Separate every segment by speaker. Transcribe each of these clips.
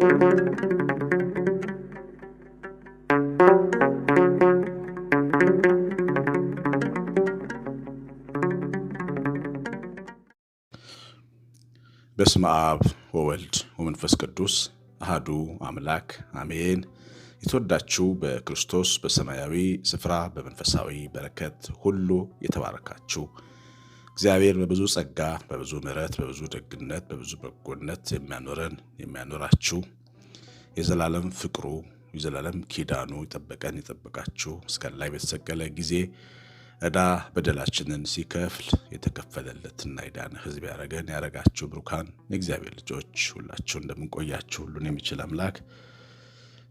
Speaker 1: በስመ አብ ወወልድ ወመንፈስ ቅዱስ አህዱ አምላክ አሜን። የተወዳችሁ በክርስቶስ በሰማያዊ ስፍራ በመንፈሳዊ በረከት ሁሉ የተባረካችሁ እግዚአብሔር በብዙ ጸጋ፣ በብዙ ምሕረት፣ በብዙ ደግነት፣ በብዙ በጎነት የሚያኖረን የሚያኖራችሁ የዘላለም ፍቅሩ የዘላለም ኪዳኑ ጠበቀን የጠበቃችሁ እስከ ላይ በተሰቀለ ጊዜ ዕዳ በደላችንን ሲከፍል የተከፈለለትና የዳነ ሕዝብ ያደረገን ያደረጋችሁ ብሩካን የእግዚአብሔር ልጆች ሁላችሁ እንደምንቆያችሁ ሁሉን የሚችል አምላክ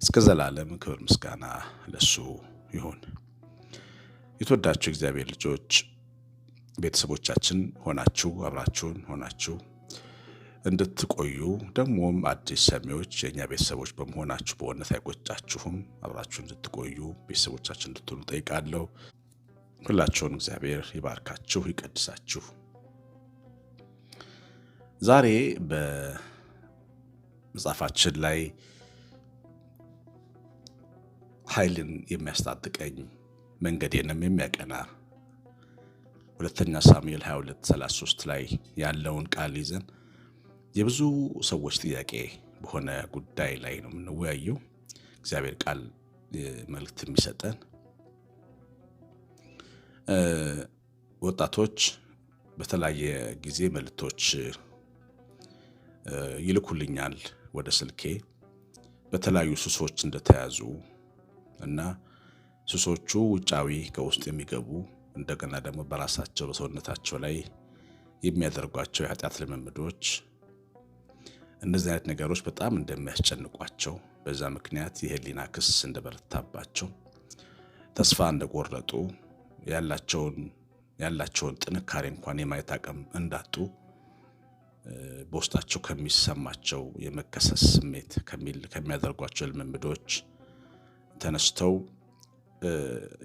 Speaker 1: እስከ ዘላለም ክብር ምስጋና ለሱ ይሁን። የተወዳችሁ እግዚአብሔር ልጆች ቤተሰቦቻችን ሆናችሁ አብራችሁን ሆናችሁ እንድትቆዩ ደግሞም አዲስ ሰሚዎች የእኛ ቤተሰቦች በመሆናችሁ በእውነት አይቆጫችሁም። አብራችሁ እንድትቆዩ ቤተሰቦቻችን እንድትሆኑ ጠይቃለሁ። ሁላችሁን እግዚአብሔር ይባርካችሁ፣ ይቀድሳችሁ። ዛሬ በመጽሐፋችን ላይ ኃይልን የሚያስታጥቀኝ መንገዴንም የሚያቀና ሁለተኛ ሳሙኤል 22 33 ላይ ያለውን ቃል ይዘን የብዙ ሰዎች ጥያቄ በሆነ ጉዳይ ላይ ነው የምንወያየው። እግዚአብሔር ቃል መልእክት የሚሰጠን ወጣቶች በተለያየ ጊዜ መልእክቶች ይልኩልኛል ወደ ስልኬ በተለያዩ ሱሶች እንደተያዙ እና ሱሶቹ ውጫዊ ከውስጥ የሚገቡ እንደገና ደግሞ በራሳቸው በሰውነታቸው ላይ የሚያደርጓቸው የኃጢአት ልምምዶች እነዚህ አይነት ነገሮች በጣም እንደሚያስጨንቋቸው በዛ ምክንያት የህሊና ክስ እንደበረታባቸው ተስፋ እንደቆረጡ ያላቸውን ጥንካሬ እንኳን የማየት አቅም እንዳጡ በውስጣቸው ከሚሰማቸው የመከሰስ ስሜት ከሚያደርጓቸው ልምምዶች ተነስተው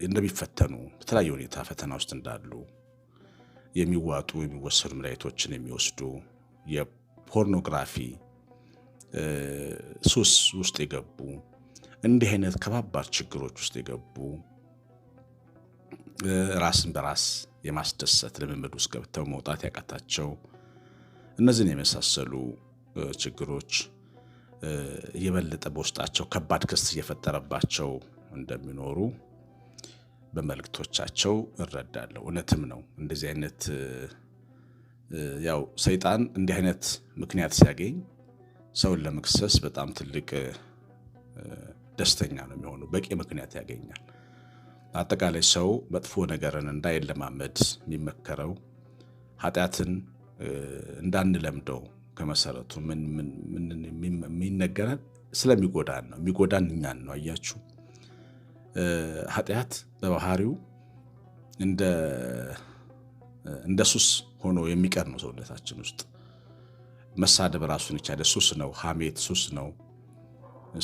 Speaker 1: እንደሚፈተኑ በተለያየ ሁኔታ ፈተና ውስጥ እንዳሉ የሚዋጡ የሚወሰዱ መድኃኒቶችን የሚወስዱ የፖርኖግራፊ ሱስ ውስጥ የገቡ እንዲህ አይነት ከባባድ ችግሮች ውስጥ የገቡ ራስን በራስ የማስደሰት ልምምድ ውስጥ ገብተው መውጣት ያቃታቸው እነዚህን የመሳሰሉ ችግሮች የበለጠ በውስጣቸው ከባድ ክስ እየፈጠረባቸው እንደሚኖሩ በመልእክቶቻቸው እረዳለሁ። እውነትም ነው። እንደዚህ አይነት ያው ሰይጣን እንዲህ አይነት ምክንያት ሲያገኝ ሰውን ለመክሰስ በጣም ትልቅ ደስተኛ ነው የሚሆኑ በቂ ምክንያት ያገኛል። አጠቃላይ ሰው መጥፎ ነገርን እንዳይለማመድ የሚመከረው ኃጢአትን እንዳንለምደው ከመሰረቱ ምን የሚነገረን ስለሚጎዳን ነው። የሚጎዳን እኛን ነው። አያችሁ ኃጢአት በባህሪው እንደ ሱስ ሆኖ የሚቀር ነው ሰውነታችን ውስጥ። መሳደብ ራሱን የቻለ ሱስ ነው። ሐሜት ሱስ ነው።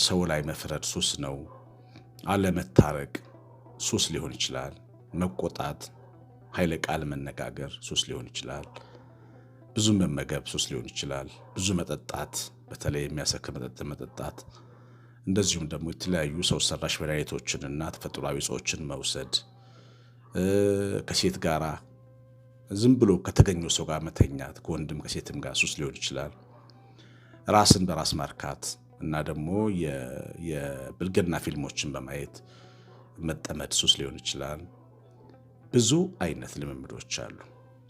Speaker 1: ሰው ላይ መፍረድ ሱስ ነው። አለመታረቅ ሱስ ሊሆን ይችላል። መቆጣት፣ ኃይለ ቃል መነጋገር ሱስ ሊሆን ይችላል። ብዙ መመገብ ሱስ ሊሆን ይችላል። ብዙ መጠጣት፣ በተለይ የሚያሰክር መጠጥ መጠጣት እንደዚሁም ደግሞ የተለያዩ ሰው ሰራሽ መድኃኒቶችንና ተፈጥሯዊ እጾችን መውሰድ፣ ከሴት ጋር ዝም ብሎ ከተገኘው ሰው ጋር መተኛት፣ ከወንድም ከሴትም ጋር ሱስ ሊሆን ይችላል። ራስን በራስ ማርካት እና ደግሞ የብልግና ፊልሞችን በማየት መጠመድ ሱስ ሊሆን ይችላል። ብዙ አይነት ልምምዶች አሉ።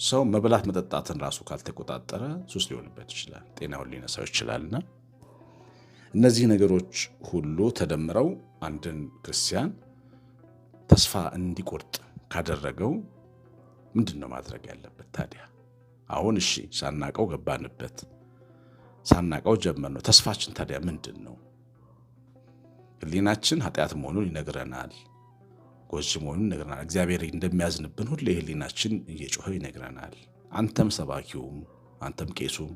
Speaker 1: ሰው መብላት መጠጣትን ራሱ ካልተቆጣጠረ ሱስ ሊሆንበት ይችላል፣ ጤናውን ሊነሳው ይችላልና እነዚህ ነገሮች ሁሉ ተደምረው አንድን ክርስቲያን ተስፋ እንዲቆርጥ ካደረገው ምንድን ነው ማድረግ ያለበት ታዲያ? አሁን እሺ፣ ሳናቀው ገባንበት፣ ሳናቀው ጀመር ነው። ተስፋችን ታዲያ ምንድን ነው? ህሊናችን ኃጢአት መሆኑን ይነግረናል፣ ጎጂ መሆኑን ይነግረናል። እግዚአብሔር እንደሚያዝንብን ሁሌ የህሊናችን እየጮኸ ይነግረናል። አንተም ሰባኪውም፣ አንተም ቄሱም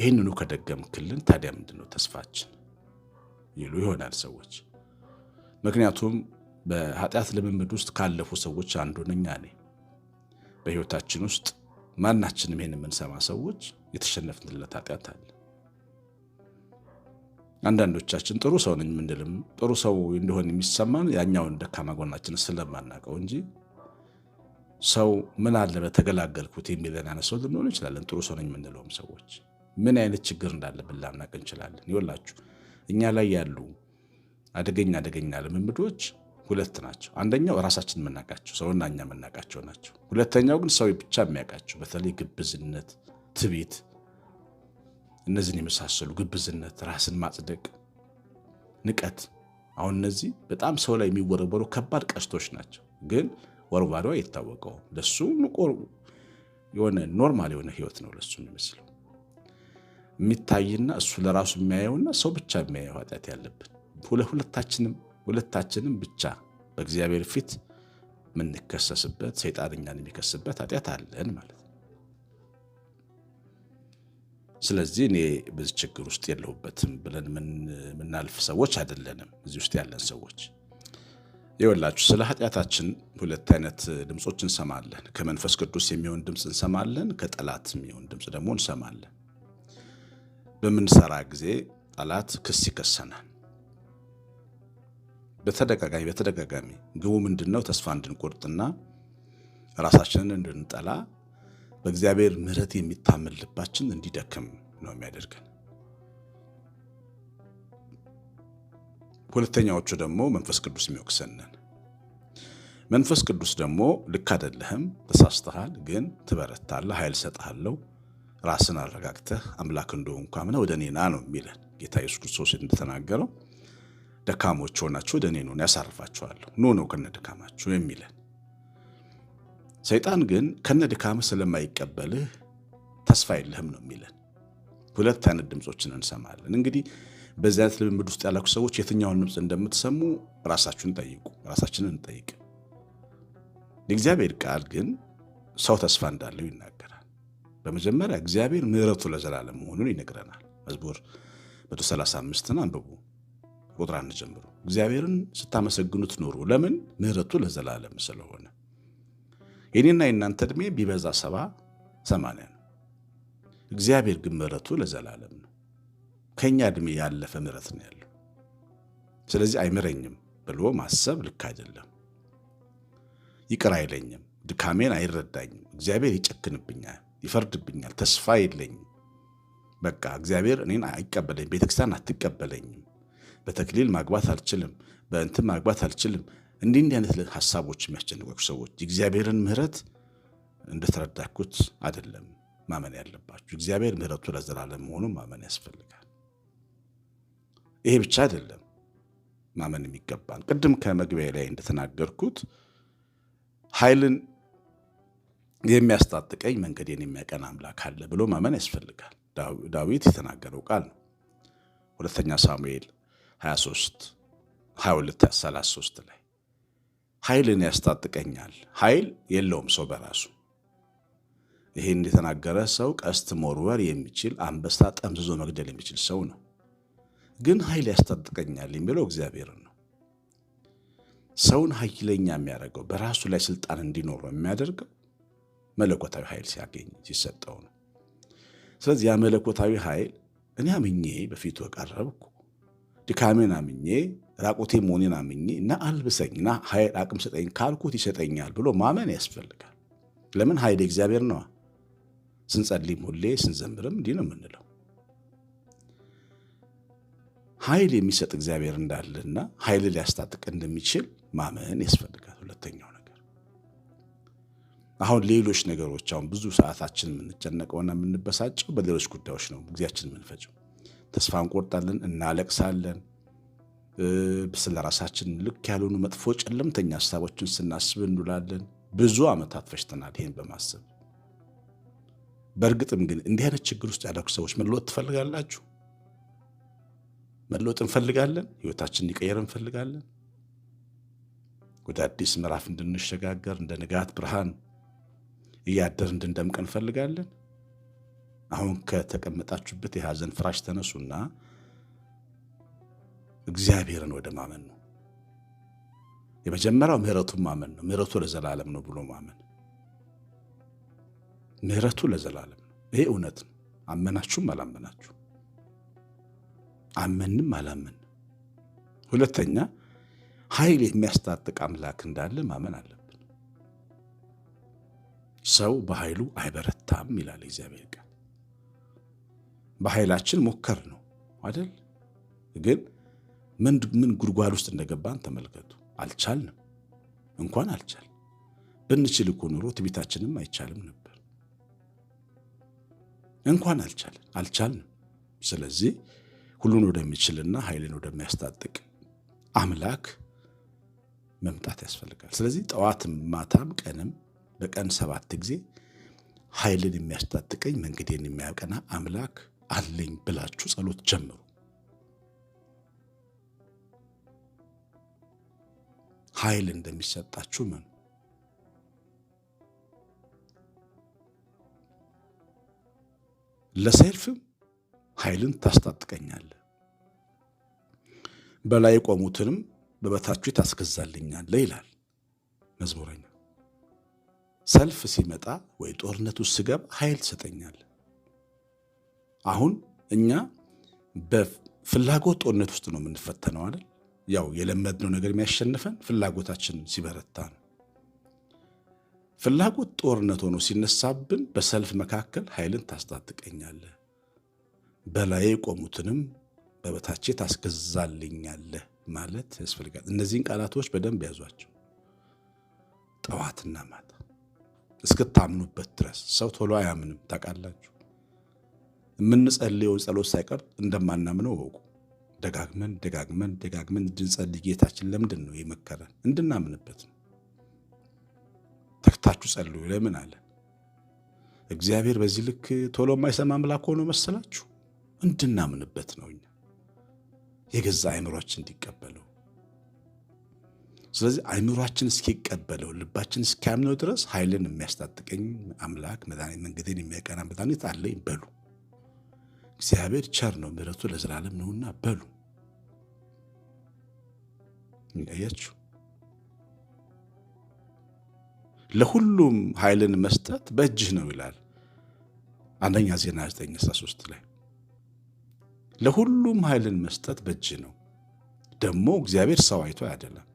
Speaker 1: ይህንኑ ከደገምክልን ታዲያ ምንድን ነው ተስፋችን ይሉ ይሆናል ሰዎች። ምክንያቱም በኃጢአት ልምምድ ውስጥ ካለፉ ሰዎች አንዱ ነኝ እኔ። በህይወታችን ውስጥ ማናችንም ይህን የምንሰማ ሰዎች የተሸነፍንለት ኃጢአት አለ። አንዳንዶቻችን ጥሩ ሰው ነኝ የምንልም ጥሩ ሰው እንደሆን የሚሰማን ያኛውን ደካማ ጎናችን ስለማናውቀው እንጂ ሰው ምን አለ በተገላገልኩት የሚለን አነሰው ልንሆን እንችላለን። ጥሩ ሰው ነኝ የምንለውም ሰዎች ምን አይነት ችግር እንዳለብን ላናቅ እንችላለን። ይወላችሁ እኛ ላይ ያሉ አደገኛ አደገኛ ልምምዶች ሁለት ናቸው። አንደኛው ራሳችን የምናውቃቸው ሰውና እኛ የምናውቃቸው ናቸው። ሁለተኛው ግን ሰው ብቻ የሚያውቃቸው በተለይ ግብዝነት፣ ትቢት፣ እነዚህን የመሳሰሉ ግብዝነት፣ ራስን ማጽደቅ፣ ንቀት። አሁን እነዚህ በጣም ሰው ላይ የሚወረወሩ ከባድ ቀስቶች ናቸው። ግን ወርዋሪው የታወቀው ለሱ ንቆ የሆነ ኖርማል የሆነ ህይወት ነው ለሱ የሚመስለው። የሚታይና እሱ ለራሱ የሚያየውና ሰው ብቻ የሚያየው ኃጢአት ያለብን ሁለታችንም ሁለታችንም ብቻ በእግዚአብሔር ፊት የምንከሰስበት ሰይጣንኛን የሚከስበት ኃጢአት አለን ማለት ነው። ስለዚህ እኔ በዚህ ችግር ውስጥ የለሁበትም ብለን የምናልፍ ሰዎች አይደለንም። እዚህ ውስጥ ያለን ሰዎች ይወላችሁ ስለ ኃጢአታችን ሁለት አይነት ድምፆች እንሰማለን። ከመንፈስ ቅዱስ የሚሆን ድምፅ እንሰማለን፣ ከጠላት የሚሆን ድምፅ ደግሞ እንሰማለን። በምንሰራ ጊዜ ጠላት ክስ ይከሰናል። በተደጋጋሚ በተደጋጋሚ ግቡ ምንድን ነው? ተስፋ እንድንቆርጥና ራሳችንን እንድንጠላ በእግዚአብሔር ምሕረት የሚታመን ልባችን እንዲደክም ነው የሚያደርገን። ሁለተኛዎቹ ደግሞ መንፈስ ቅዱስ የሚወቅሰንን። መንፈስ ቅዱስ ደግሞ ልክ አይደለህም፣ ተሳስተሃል፣ ግን ትበረታለህ፣ ኃይል እሰጥሃለሁ ራስን አረጋግተህ አምላክ እንደሆንኩ አምነህ ወደ እኔ ና ነው የሚለን ጌታ ኢየሱስ ክርስቶስ እንደተናገረው ደካሞች ሆናችሁ ወደ እኔ ነው ያሳርፋችኋለሁ፣ ኖ ነው ከነ ድካማችሁ የሚለን። ሰይጣን ግን ከነ ድካምህ ስለማይቀበልህ ተስፋ የለህም ነው የሚለን። ሁለት አይነት ድምፆችን እንሰማለን። እንግዲህ በዚህ አይነት ልምምድ ውስጥ ያላችሁ ሰዎች የትኛውን ድምፅ እንደምትሰሙ ራሳችሁን ጠይቁ፣ ራሳችንን እንጠይቅ። የእግዚአብሔር ቃል ግን ሰው ተስፋ እንዳለው ይናገ በመጀመሪያ እግዚአብሔር ምሕረቱ ለዘላለም መሆኑን ይነግረናል። መዝሙር 135ን አንብቡ፣ ቁጥር አንድ ጀምሮ እግዚአብሔርን ስታመሰግኑት ኑሩ። ለምን? ምሕረቱ ለዘላለም ስለሆነ። የኔና የእናንተ ዕድሜ ቢበዛ ሰባ ሰማንያ ነው። እግዚአብሔር ግን ምሕረቱ ለዘላለም ነው። ከእኛ ዕድሜ ያለፈ ምሕረት ነው ያለው። ስለዚህ አይምረኝም ብሎ ማሰብ ልክ አይደለም። ይቅር አይለኝም፣ ድካሜን አይረዳኝም፣ እግዚአብሔር ይጨክንብኛል ይፈርድብኛል፣ ተስፋ የለኝም። በቃ እግዚአብሔር እኔን አይቀበለኝም፣ ቤተክርስቲያን አትቀበለኝም፣ በተክሊል ማግባት አልችልም፣ በእንትን ማግባት አልችልም። እንዲህ እንዲህ አይነት ሀሳቦች የሚያስጨንቋችሁ ሰዎች እግዚአብሔርን ምሕረት እንደተረዳኩት አይደለም ማመን ያለባችሁ። እግዚአብሔር ምሕረቱ ለዘላለም መሆኑን ማመን ያስፈልጋል። ይሄ ብቻ አይደለም ማመን የሚገባን። ቅድም ከመግቢያ ላይ እንደተናገርኩት ኃይልን የሚያስታጥቀኝ መንገዴን የሚያቀን አምላክ አለ ብሎ ማመን ያስፈልጋል። ዳዊት የተናገረው ቃል ነው። ሁለተኛ ሳሙኤል 23 22 33 ላይ ኃይልን ያስታጥቀኛል። ኃይል የለውም ሰው በራሱ ይህ የተናገረ ሰው ቀስት መወርወር የሚችል አንበሳ ጠምዝዞ መግደል የሚችል ሰው ነው። ግን ኃይል ያስታጥቀኛል የሚለው እግዚአብሔር ነው። ሰውን ኃይለኛ የሚያደርገው በራሱ ላይ ስልጣን እንዲኖረው የሚያደርገው መለኮታዊ ኃይል ሲያገኝ ሲሰጠው ነው። ስለዚህ ያ መለኮታዊ ኃይል እኔ አምኜ በፊቱ ቀረብኩ፣ ድካሜን አምኜ ራቁቴ መሆኔን አምኜ እና አልብሰኝ እና ኃይል አቅም ሰጠኝ ካልኩት ይሰጠኛል ብሎ ማመን ያስፈልጋል። ለምን ኃይል እግዚአብሔር ነዋ። ስንጸልይም ሁሌ ስንዘምርም እንዲህ ነው የምንለው። ኃይል የሚሰጥ እግዚአብሔር እንዳለና ኃይል ሊያስታጥቅ እንደሚችል ማመን ያስፈልጋል። ሁለተኛው አሁን ሌሎች ነገሮች አሁን ብዙ ሰዓታችን የምንጨነቀውና የምንበሳጨው በሌሎች ጉዳዮች ነው። ጊዜያችን የምንፈጨው ተስፋ እንቆርጣለን፣ እናለቅሳለን። ስለ ራሳችን ልክ ያልሆኑ መጥፎ ጨለምተኛ ሀሳቦችን ስናስብ እንውላለን። ብዙ ዓመታት ፈጅተናል ይህን በማሰብ በእርግጥም ግን እንዲህ አይነት ችግር ውስጥ ያላችሁ ሰዎች መለወጥ ትፈልጋላችሁ? መለወጥ እንፈልጋለን። ህይወታችንን ሊቀየር እንፈልጋለን። ወደ አዲስ ምዕራፍ እንድንሸጋገር እንደ ንጋት ብርሃን እያደር እንድንደምቅ እንፈልጋለን። አሁን ከተቀመጣችሁበት የሐዘን ፍራሽ ተነሱና እግዚአብሔርን ወደ ማመን ነው። የመጀመሪያው ምሕረቱን ማመን ነው። ምሕረቱ ለዘላለም ነው ብሎ ማመን፣ ምሕረቱ ለዘላለም ነው። ይሄ እውነት ነው። አመናችሁም አላመናችሁ፣ አመንም አላመን። ሁለተኛ ኃይል የሚያስታጥቅ አምላክ እንዳለ ማመን አለ ሰው በኃይሉ አይበረታም ይላል እግዚአብሔር ቃል። በኃይላችን ሞከር ነው አይደል? ግን ምን ጉድጓድ ውስጥ እንደገባን ተመልከቱ። አልቻልንም። እንኳን አልቻል ብንችል እኮ ኑሮ ትቢታችንም አይቻልም ነበር። እንኳን አልቻል አልቻልንም። ስለዚህ ሁሉን ወደሚችልና ኃይልን ወደሚያስታጥቅ አምላክ መምጣት ያስፈልጋል። ስለዚህ ጠዋትም ማታም ቀንም በቀን ሰባት ጊዜ ኃይልን የሚያስታጥቀኝ መንገዴን የሚያቀና አምላክ አለኝ ብላችሁ ጸሎት ጀምሩ። ኃይል እንደሚሰጣችሁ መኑ ለሰልፍም ኃይልን ታስታጥቀኛለህ፣ በላይ የቆሙትንም በበታችሁ ታስገዛልኛለህ ይላል መዝሙረኛ። ሰልፍ ሲመጣ ወይ ጦርነት ውስጥ ስገባ ኃይል ትሰጠኛል። አሁን እኛ በፍላጎት ጦርነት ውስጥ ነው የምንፈተነው አይደል? ያው የለመድነው ነገር የሚያሸንፈን ፍላጎታችን ሲበረታ ነው። ፍላጎት ጦርነት ሆኖ ሲነሳብን በሰልፍ መካከል ኃይልን ታስታጥቀኛለህ፣ በላይ የቆሙትንም በበታቼ ታስገዛልኛለህ ማለት ያስፈልጋል። እነዚህን ቃላቶች በደንብ ያዟቸው። ጠዋትና ማለት እስክታምኑበት ድረስ ሰው ቶሎ አያምንም። ታውቃላችሁ፣ የምንጸልየውን ጸሎት ሳይቀር እንደማናምነው ወቁ። ደጋግመን ደጋግመን ደጋግመን እንድንጸልይ ጌታችን ለምንድን ነው የመከረን? እንድናምንበት ነው። ተክታችሁ ጸልዩ ለምን አለ? እግዚአብሔር በዚህ ልክ ቶሎ የማይሰማ አምላክ ሆኖ መሰላችሁ? እንድናምንበት ነው። እኛ የገዛ አይምሮች እንዲቀበለው ስለዚህ አይምሯችን እስኪቀበለው ልባችን እስኪያምነው ድረስ ኃይልን የሚያስታጥቀኝ አምላክ መድኃኒት መንገዴን የሚያቀና መድኃኒት አለኝ በሉ። እግዚአብሔር ቸር ነው፣ ምሕረቱ ለዘላለም ነውና በሉ። እንዳያችሁ ለሁሉም ኃይልን መስጠት በእጅህ ነው ይላል አንደኛ ዜና 93 ላይ ለሁሉም ኃይልን መስጠት በእጅህ ነው። ደግሞ እግዚአብሔር ሰው አይቶ አይደለም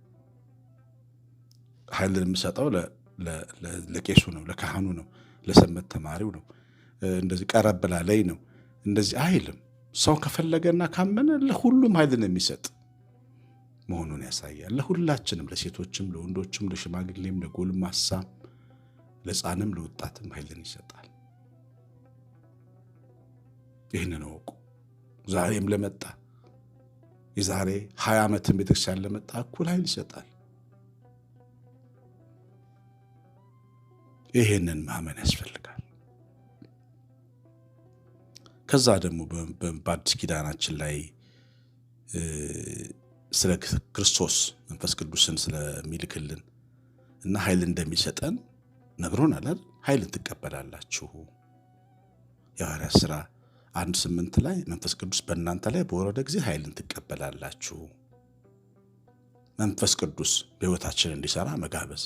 Speaker 1: ኃይልን የምሰጠው ለቄሱ ነው፣ ለካህኑ ነው፣ ለሰንበት ተማሪው ነው። እንደዚህ ቀረብ ላለኝ ነው እንደዚህ አይልም። ሰው ከፈለገና ካመነ ለሁሉም ኃይልን የሚሰጥ መሆኑን ያሳያል። ለሁላችንም፣ ለሴቶችም፣ ለወንዶችም፣ ለሽማግሌም፣ ለጎልማሳም፣ ለሕፃንም፣ ለወጣትም ኃይልን ይሰጣል። ይህንን እወቁ። ዛሬም ለመጣ የዛሬ ሀያ ዓመትን ቤተክርስቲያን ለመጣ እኩል ኃይል ይሰጣል። ይሄንን ማመን ያስፈልጋል። ከዛ ደግሞ በአዲስ ኪዳናችን ላይ ስለ ክርስቶስ መንፈስ ቅዱስን ስለሚልክልን እና ኃይል እንደሚሰጠን ነግሮናል። ኃይልን ትቀበላላችሁ የሐዋርያት ሥራ አንድ ስምንት ላይ መንፈስ ቅዱስ በእናንተ ላይ በወረደ ጊዜ ኃይልን ትቀበላላችሁ። መንፈስ ቅዱስ በሕይወታችን እንዲሰራ መጋበዝ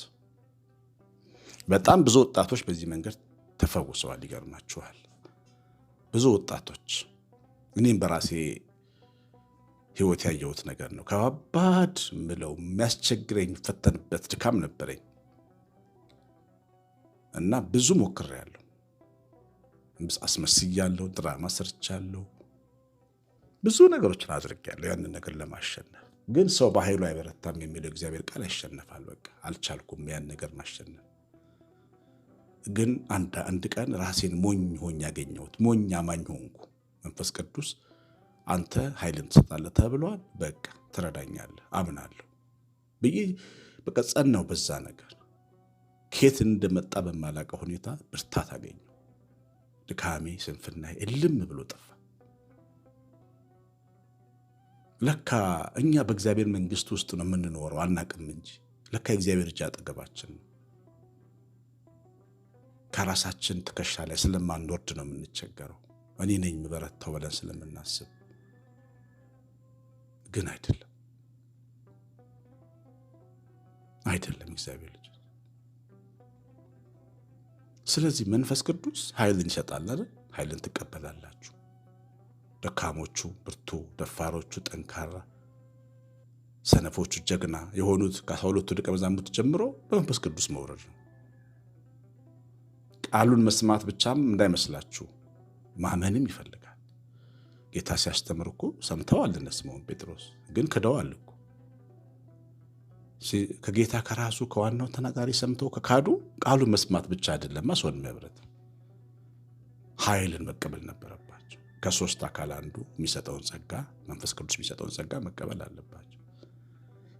Speaker 1: በጣም ብዙ ወጣቶች በዚህ መንገድ ተፈውሰዋል። ይገርማችኋል። ብዙ ወጣቶች እኔም በራሴ ህይወት ያየሁት ነገር ነው። ከባባድ ምለው የሚያስቸግረኝ ፈተንበት ድካም ነበረኝ እና ብዙ ሞክሬያለሁ። አስመስያለሁ፣ ድራማ ሰርቻለሁ፣ ብዙ ነገሮችን አድርጌያለሁ ያንን ነገር ለማሸነፍ ግን ሰው በኃይሉ አይበረታም የሚለው እግዚአብሔር ቃል ያሸነፋል። በቃ አልቻልኩም ያን ነገር ማሸነፍ ግን አንድ አንድ ቀን ራሴን ሞኝ ሆኝ ያገኘሁት ሞኝ አማኝ ሆንኩ። መንፈስ ቅዱስ አንተ ኃይልን ትሰጣለህ ተብሏል፣ በቃ ትረዳኛለህ፣ አምናለሁ ብዬ በቃ ጸናው። በዛ ነገር ከየት እንደመጣ በማላውቀው ሁኔታ ብርታት አገኘ። ድካሜ፣ ስንፍና እልም ብሎ ጠፋ። ለካ እኛ በእግዚአብሔር መንግስት ውስጥ ነው የምንኖረው፣ አናቅም እንጂ ለካ የእግዚአብሔር እጅ አጠገባችን ነው። ከራሳችን ትከሻ ላይ ስለማንወርድ ነው የምንቸገረው። እኔ ነኝ የምበረታው ብለን ስለምናስብ ግን አይደለም አይደለም እግዚአብሔር ልጅ። ስለዚህ መንፈስ ቅዱስ ኃይልን ይሰጣል አይደል? ኃይልን ትቀበላላችሁ። ደካሞቹ ብርቱ፣ ደፋሮቹ ጠንካራ፣ ሰነፎቹ ጀግና የሆኑት ከአስራ ሁለቱ ደቀ መዛሙርት ጀምሮ በመንፈስ ቅዱስ መውረድ ነው። ቃሉን መስማት ብቻም እንዳይመስላችሁ ማመንም ይፈልጋል። ጌታ ሲያስተምር እኮ ሰምተዋል እነ ስምዖን ጴጥሮስ ግን ክደዋል እኮ። ከጌታ ከራሱ ከዋናው ተናጋሪ ሰምተው ከካዱ ቃሉን መስማት ብቻ አይደለም ማስሆን መብረት ኃይልን መቀበል ነበረባቸው። ከሶስት አካል አንዱ የሚሰጠውን ጸጋ መንፈስ ቅዱስ የሚሰጠውን ጸጋ መቀበል አለባቸው።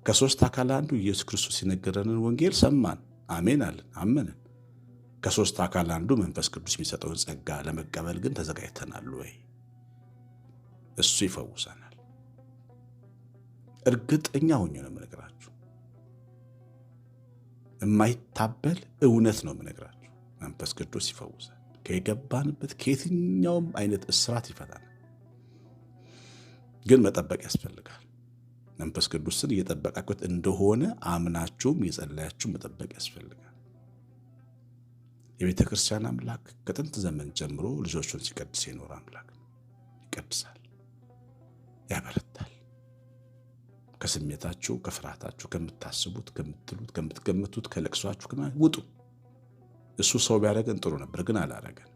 Speaker 1: ከሶስት አካል አንዱ ኢየሱስ ክርስቶስ የነገረንን ወንጌል ሰማን፣ አሜን አለን፣ አመንን ከሶስት አካል አንዱ መንፈስ ቅዱስ የሚሰጠውን ጸጋ ለመቀበል ግን ተዘጋጅተናል ወይ? እሱ ይፈውሰናል። እርግጠኛ ሆኜ ነው የምነግራችሁ። የማይታበል እውነት ነው የምነግራችሁ። መንፈስ ቅዱስ ይፈውሳል። ከገባንበት ከየትኛውም አይነት እስራት ይፈታናል። ግን መጠበቅ ያስፈልጋል። መንፈስ ቅዱስን እየጠበቃችሁት እንደሆነ አምናችሁም የጸለያችሁ መጠበቅ ያስፈልጋል። የቤተ ክርስቲያን አምላክ ከጥንት ዘመን ጀምሮ ልጆቹን ሲቀድስ የኖረ አምላክ ነው። ይቀድሳል፣ ያበረታል። ከስሜታችሁ፣ ከፍርሃታችሁ፣ ከምታስቡት፣ ከምትሉት፣ ከምትገምቱት፣ ከለቅሷችሁ ውጡ። እሱ ሰው ቢያደረገን ጥሩ ነበር፣ ግን አላረገን።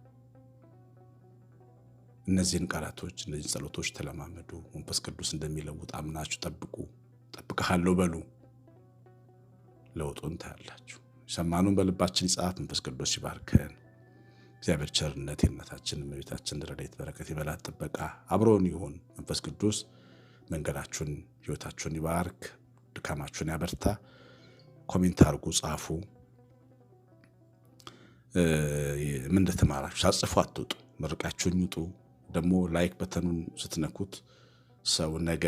Speaker 1: እነዚህን ቃላቶች፣ እነዚህን ጸሎቶች ተለማመዱ። መንፈስ ቅዱስ እንደሚለውጥ አምናችሁ ጠብቁ። ጠብቀሃለሁ በሉ። ለውጡን ታያላችሁ። ሰማኑን በልባችን ይጻፍ፣ መንፈስ ቅዱስ ይባርከን። እግዚአብሔር ቸርነት የእናታችን እመቤታችን ረድኤት በረከት የበላት ጥበቃ አብሮን ይሁን። መንፈስ ቅዱስ መንገዳችሁን ህይወታችሁን ይባርክ፣ ድካማችሁን ያበርታ። ኮሜንት አርጉ ጻፉ። ምን እንደተማራችሁ ሳጽፉ አትውጡ፣ መርቃችሁን ይውጡ። ደግሞ ላይክ በተኑን ስትነኩት ሰው ነገ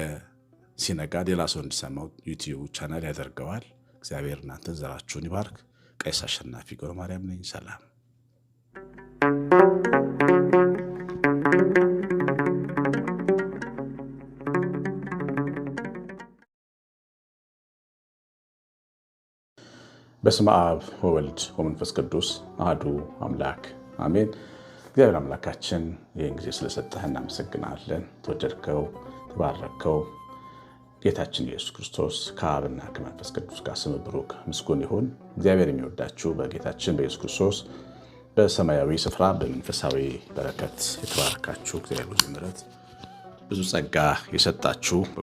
Speaker 1: ሲነጋ ሌላ ሰው እንዲሰማው ዩቲዩብ ቻናል ያደርገዋል። እግዚአብሔር እናንተ ዘራችሁን ይባርክ። ቀሲስ አሸናፊ ማርያም ነኝ። ሰላም በስመ አብ ወወልድ ወመንፈስ ቅዱስ አሐዱ አምላክ አሜን። እግዚአብሔር አምላካችን ይህን ጊዜ ስለሰጠህ እናመሰግናለን። ተወደድከው፣ ተባረከው። ጌታችን ኢየሱስ ክርስቶስ ከአብና ከመንፈስ ቅዱስ ጋር ስም ብሩክ ምስጉን ይሁን። እግዚአብሔር የሚወዳችሁ በጌታችን በኢየሱስ ክርስቶስ በሰማያዊ ስፍራ በመንፈሳዊ በረከት የተባረካችሁ እግዚአብሔር ምሕረት ብዙ ጸጋ የሰጣችሁ